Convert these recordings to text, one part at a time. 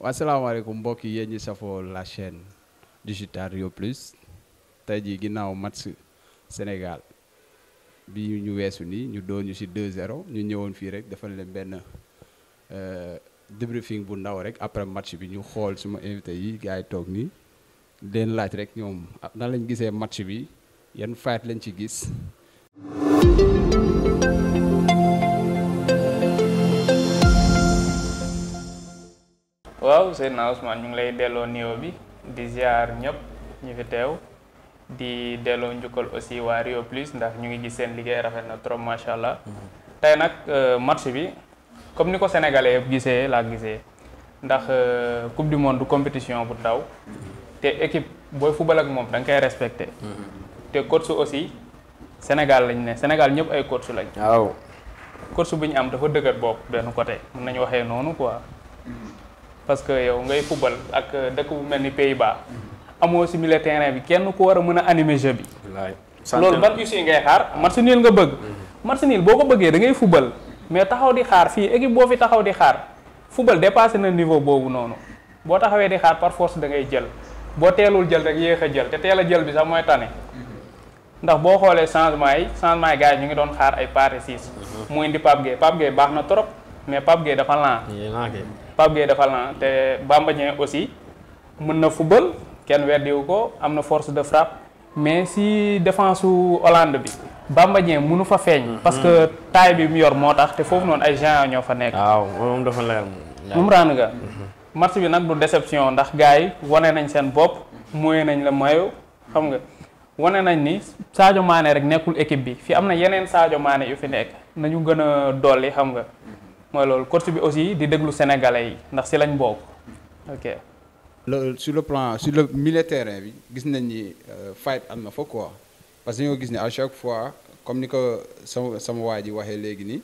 waa salaamaaleykum mbokk yi yéen safoo la chaîne Digital Rio Plus tey jii ginnaaw match Sénégal bi ñu weesu ni ñu doon ñu si 2-0 ñu ñëwoon fii rek defal leen benn euh, débriefing bu ndaw rek après match bi ñu xool suma invité yi gars yi toog nii leen laaj rek ñoom ah, nan lañ gisee match bi yan faayet lañ ci gis. waaw Seydina Ousmane ñu ngi lay delloo nio bi di ziar ñëpp ñu fi teew di delloo njukkal aussi waa Rio Plus ndax ñu ngi gis seen liggéey rafet na trop macha allah. Mhm. tey nag euh, match bi comme ni ko sénégalais yëpp gisee laa gisee ndax euh, coupe du monde compétition bu ndaw mhm. te équipe booy football ak moom da nga koy respecté. Mhm. te coach aussi Sénégal lañ ne Sénégal ñëpp ay coach lañ. waaw coach bu ñu am dafa dëgër bopp benn côté mën nañu waxee noonu quoi. parce que yow ngay football ak dëkk bu mel ni Pays-Bas amoo si milieu terrain bi kenn ku war a mën a animer jeu bi. loolu ban usine ngay xaar match nul nga bëgg. Mhm. match nul boo ko bëggee dangay ngay football mais taxaw di xaar fii équipe boo fi taxaw di xaar football dépassé na niveau boobu noonu boo taxawee di xaar par force da ngay jël boo teelul jël rek yéex a jël te teel a jël bi sax mooy tane. Mhm. ndax boo xoolee changement yi changement yi gars yi ñu ngi doon xaar ay parties. Mhm. mu indi Pape Gueye baax na trop mais Pape Gueye Pape Gueye dafa lan te Bamba aussi mun na football kenn weddiwu ko am na force de frappe mais si défense su Hollande bi Bamba Dieng mënu fa feeñ. Mhm. parce que taille bi mu yor moo tax te foofu noonu ay gens ñoo fa nekk. moom dafa leer moom. raan nga. Mhm. match bi nag du déception ndax gars yi wane nañ seen bopp mooy nañ la mayo xam nga wane nañ ni saajo maane rek nekkul équipe bi fi am na yeneen saajo maane yu fi nekk nañu gën a dolli xam nga. mooy loolu coach bi aussi di déglu sénégalais yi ndax si lañ bokk ok. loolu sur le plan sur le milieu terrain bi gis nañ ni euh, fight am na fa quoi parce que dañoo gis ne à chaque fois comme ni ko sama sama waa ji waxee léegi nii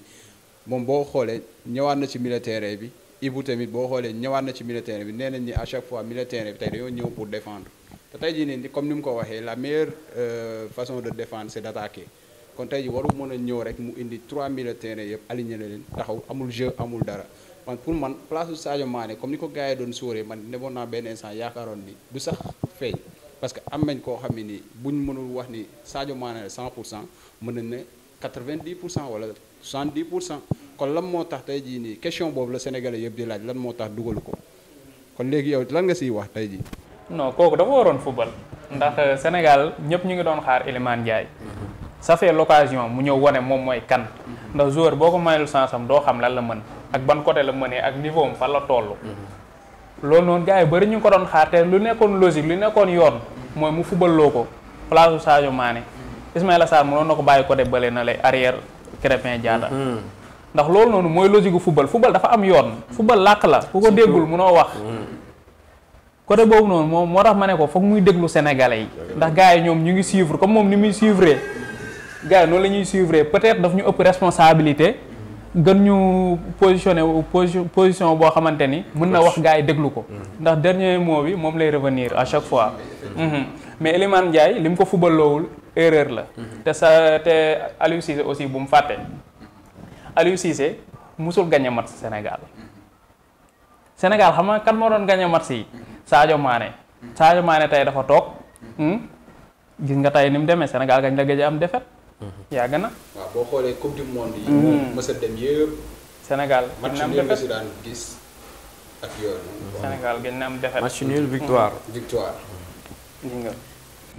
moom boo xoolee ñëwaat na ci milieu bi Ibou tamit boo xoolee ñëwaat na ci milieu bi nee nañ ni à chaque fois milieu terrain bi tey dañoo ñëw pour défendre te tey jii nii comme ni mu ko waxee la meilleure euh, façon de défendre c'est d'attaquer. kon tey ji waru mën a ñëw rek mu indi 3000 terrain yëpp aligné leen taxaw amul jeu amul dara man pour man place su maane comme ni ko gars yi doon sóoree man neboon naa benn instant yaakaaroon ni du sax feeñ parce que am nañ koo xam ne nii buñ mënul wax ni Sadio Mané la pour cent mën nañ ne 90 pour cent wala 70 pour cent kon lan moo tax tey jii nii question boobu la Sénégalais yëpp di laaj lan moo tax dugalu ko kon léegi yow lan nga siy wax tey jii. non kooku dafa waroon football ndax euh, Sénégal ñëpp ñu ngi doon xaar Iliman Ndiaye. ça fait l'occasion mu ñëw wane moom mooy kan ndax joueur boo ko mayul chance am doo xam lan la mën ak ban côté la mënee ak niveau fan la toll mhm. loolu noonu gars yi ñu ko doon xaar lu nekkoon logique lu nekkoon yoon mooy mu fubaloo ko place Sadio Mané mhm. Ismaïla Sarr mënoon na ko bàyyi côté bële na lay arrière Crépin mhm. ndax loolu noonu mooy logique gu football dafa am yoon football làkk la ku ko déggul mënoo wax côté boobu noonu moom moo tax ko foog muy déglu sénégalais yi ñoom ñu ngi suivre comme moom ni muy suivre gars yi noonu la ñuy suivre peut-être daf ñu ëpp responsabilité gën ñu positionné position boo xamante ni mun na wax gars yi déglu ko ndax dernier mot bi moom lay revenir à chaque fois mhm. mais Elimane Ndiaye li mu ko fuballoowul erreur la te sa te Aliou Cissé aussi bu mu fàtte Aliou Cissé musul gagné match Sénégal Sénégal xam nga kan moo doon gagné match yi Sadio Mané Sadio Mané tey dafa toog hmm? gis nga tey ni mu demee Sénégal gañ la gëj am défaite Mm-hmm. yàgg na. waaw boo xoolee coupe du monde yi. Mm-hmm. mës a dem yëpp. Sénégal gën na am defet match gis ak yoon. Mm-hmm. na am defet match nul victoire. victoire.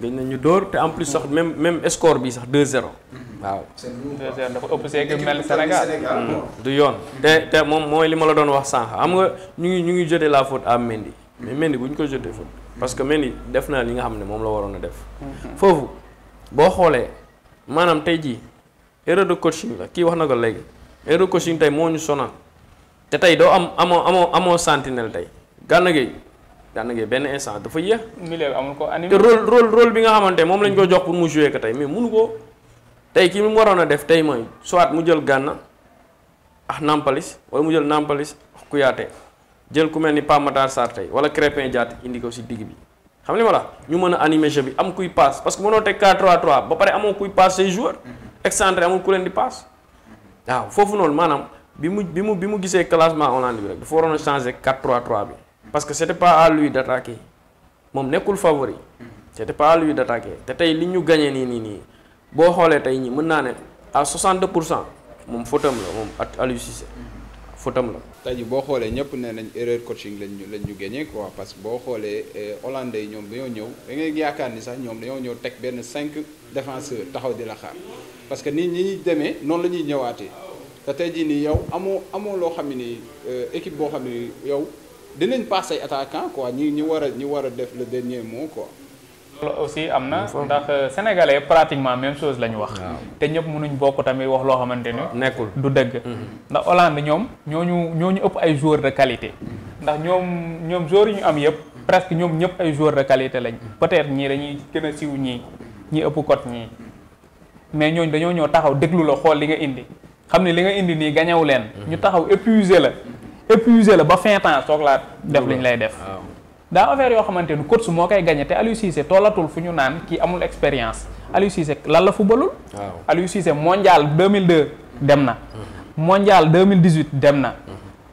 gëj na ñu dóor te en plus sax même même score bi sax 2-0. waaw. 2-0 dafa ëpp see mel Sénégal. du yoon te te moom mooy li ma la doon wax sànq xam nga ñu ngi ñu ngi jotee la faute am Mendy. mais Mendy bu ñu ko jotee faute. parce que Mendy def naa li nga xam ne moom la waroon a def. foofu boo xoolee. maanaam tey jii erreur de coaching la kii wax na ko léegi erreur de coaching tey moo ñu sonal te tey doo am amoo amoo amoo sentinelle tey Gana Gueye Gana Gueye benn instant dafa yéex. milieu amul ko animé te rôle rôle bi nga xamante moom lañ ko jox pour mu jouer ko tey mais mënu ko tey kii mu waroon a def tey mooy soit mu jël Gana ax Nampalis wala mu jël Nampalis ak Kouyaté jël ku mel ni Pape Matar Sarr tey wala Crépin Diatta indi ko si digg bi. xam li ma la ñu mën a animer bi am kuy passe parce que mënoo teg 4-3-3 ba pare amoo kuy passe say joueurs excentré amul ku leen di passe waaw foofu noonu maanaam bi mu bi mu bi mu gisee classement Hollande bi rek dafa waroon a changer 4-3-3 bi parce que c' était pas à lui d' attaquer moom nekkul yi c' de pas à lui d' attaquer te tey li ñu gagné nii nii nii boo xoolee tey ñi mën naa ne à 62 pour cent moom fautam la moom ak Aliou fautam la. tey jii boo xoolee ñëpp nee nañ erreur coaching lañ ñu lañ ñu gagné quoi parce que boo xoolee eh, hollandais yi ñoom dañoo ñëw dangay yaakaar ni sax ñoom dañoo ñëw teg benn cinq défenseur taxaw di la xaar parce que nii ñi demee noonu la ñuy ñëwaatee te tey jii nii yow amoo amoo loo xam ne nii eh, équipe boo xam ne yow dinañ passe ay attaquant quoi ñi ñu war a ñu war a def le dernier mot quoi. loolu aussi am na ndax euh, sénégalais pratiquement même chose la ñu wax te ñëpp mënuñ bokk tamit wax loo xamante ni nekkul du dëgg mm-hmm. ndax Hollande ñoom ñoo ñu ëpp ay joueurs de qualité ndax ñoom ñoom joueurs yu ñu am yëpp presque ñoom ñëpp ay joueurs de qualité lañ peut-être ñii dañuy gën a siiw ñii ñi ëpp cote ñii mais ñooñu dañoo ñoo taxaw déglu la xool li nga indi xam ne li nga indi nii gañaw leen mm-hmm. ñu taxaw épuisé la épuisé la ba fin temps soog laa def liñ lay def daa affaire yoo xamante ni coach moo koy gagné te Aliou Cissé tollatul fu ñu naan ki amul expérience Aliou Cissé lan la footballul. waaw Aliou Cissé mondial 2002 dem na. mondial 2018 dem na.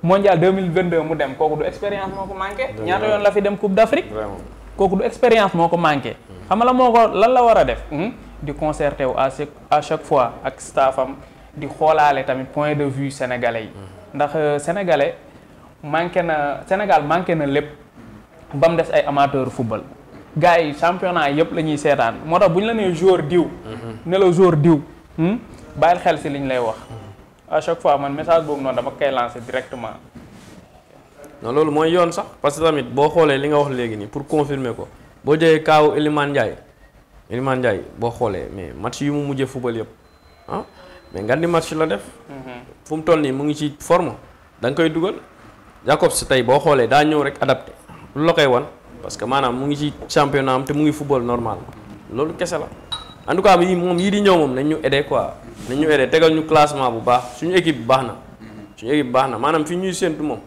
mondial 2022 mu dem kooku du expérience moo ko manqué. ñaata yoon la fi dem Coupe d'Afrique. kooku du expérience moo ko manqué. Mm. xam la moo ko lan la war a def. Hmm? di concerté wu à chaque à chaque fois ak staffam di xoolaale tamit point de vue sénégalais yi. Mm. ndax euh, sénégalais manqué na Sénégal manqué na lépp. ba mu des ay amateur football gars yi championnat yëpp la ñuy seetaan moo tax bu ñu la nee joueur diw. Mhm. ne la joueur diw. Hmm? bàyyil xel si li ñu lay wax. à chaque fois man message boobu noonu dama koy lancer directement. non loolu mooy yoon sax parce que tamit boo xoolee li nga wax léegi nii pour confirmer ko boo jëlee kaaw Elimane Ndiaye Elimane Ndiaye boo xoolee mais match yu mu mujjee football yëpp ah mais nga di match la def. Mhm. fu mu toll nii mu ngi ci forme da koy dugal. Jacobs tey boo xoolee daa ñëw rek adapté. lu la wan parce que maanaam mu ngi ci championnat am te mu ngi football normal loolu kese la en tout cas yii moom yii di ñëw moom nañ ñu aider quoi nañ ñu aider tegal ñu classement bu baax suñu équipe baax na suñu équipe baax na maanaam fi ñuy séntu moom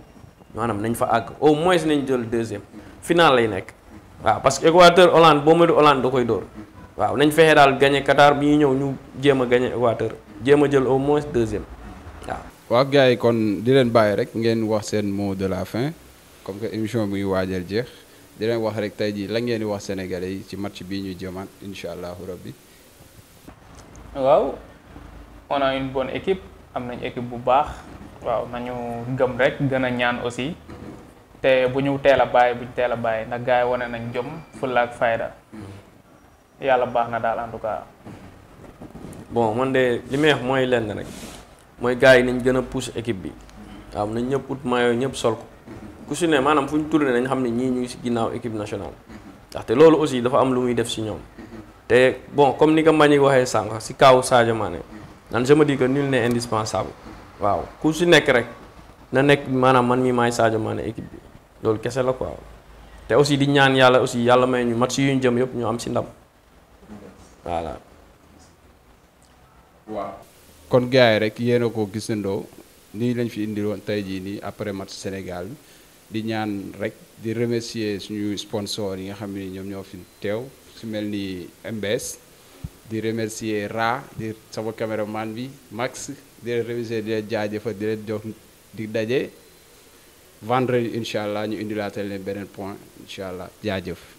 maanaam nañ fa àgg au moins nañ jël deuxième final lay nekk waa parce que Équateur Hollande boo moytu Hollande da koy dóor waaw nañ fexe daal gagné Qatar bi ñuy ñëw ñu jéem a gagné Équateur jéem a jël au moins deuxième waaw. waaw gars yi kon di leen bàyyi rek ngeen wax seen mot de comme que émission bi ñu waajal jeex di leen wax rek tey jii la ngeen di wax sénégalais yi ci match bi ñu jëmaat incha allahu rabbi. waaw on a une équipe am nañ équipe bu baax waaw nañu gëm rek gën a ñaan aussi te bu ñu teel a bàyyi bu ñu teel a bàyyi ndax gars yi wane nañ jëm fulla ak fayda yàlla baax na daal en tout cas. bon mën de li may wax mooy lenn rek mooy gars yi nañ gën a pousse équipe bi waaw nañ ñëpp ut maillot ñëpp sol ko. ku si ne maanaam fu ñu tourné nañ xam ne ñii ñu ngi si ginnaaw équipe nationale. ndaxte loolu aussi dafa am lu muy def si ñoom. te bon comme ni ko Mbagnick waxee sànq si kaawu Sadio Mané man sama me dis que nul n'est indispensable. waaw ku si nekk rek na nekk maanaam man mii maay Sadio maane équipe bi loolu kese la quoi te aussi di ñaan yàlla aussi yàlla may ñu match yu ñu jëm yëpp ñoo am si ndam waaw kon gars yi rek yéen a ko gisandoo nii lañ fi indiloon tey jii nii après match Sénégal bi di ñaan rek di remercier suñu sponsor yi nga xam ni ñoom ñoo fi teew su mel ni MBS di remercier Ra di sama caméraman bi Max di leen remercier di leen jaajëfal di leen jox di daje vendredi incha allah ñu indilaatal leen beneen point incha allah jaajëf.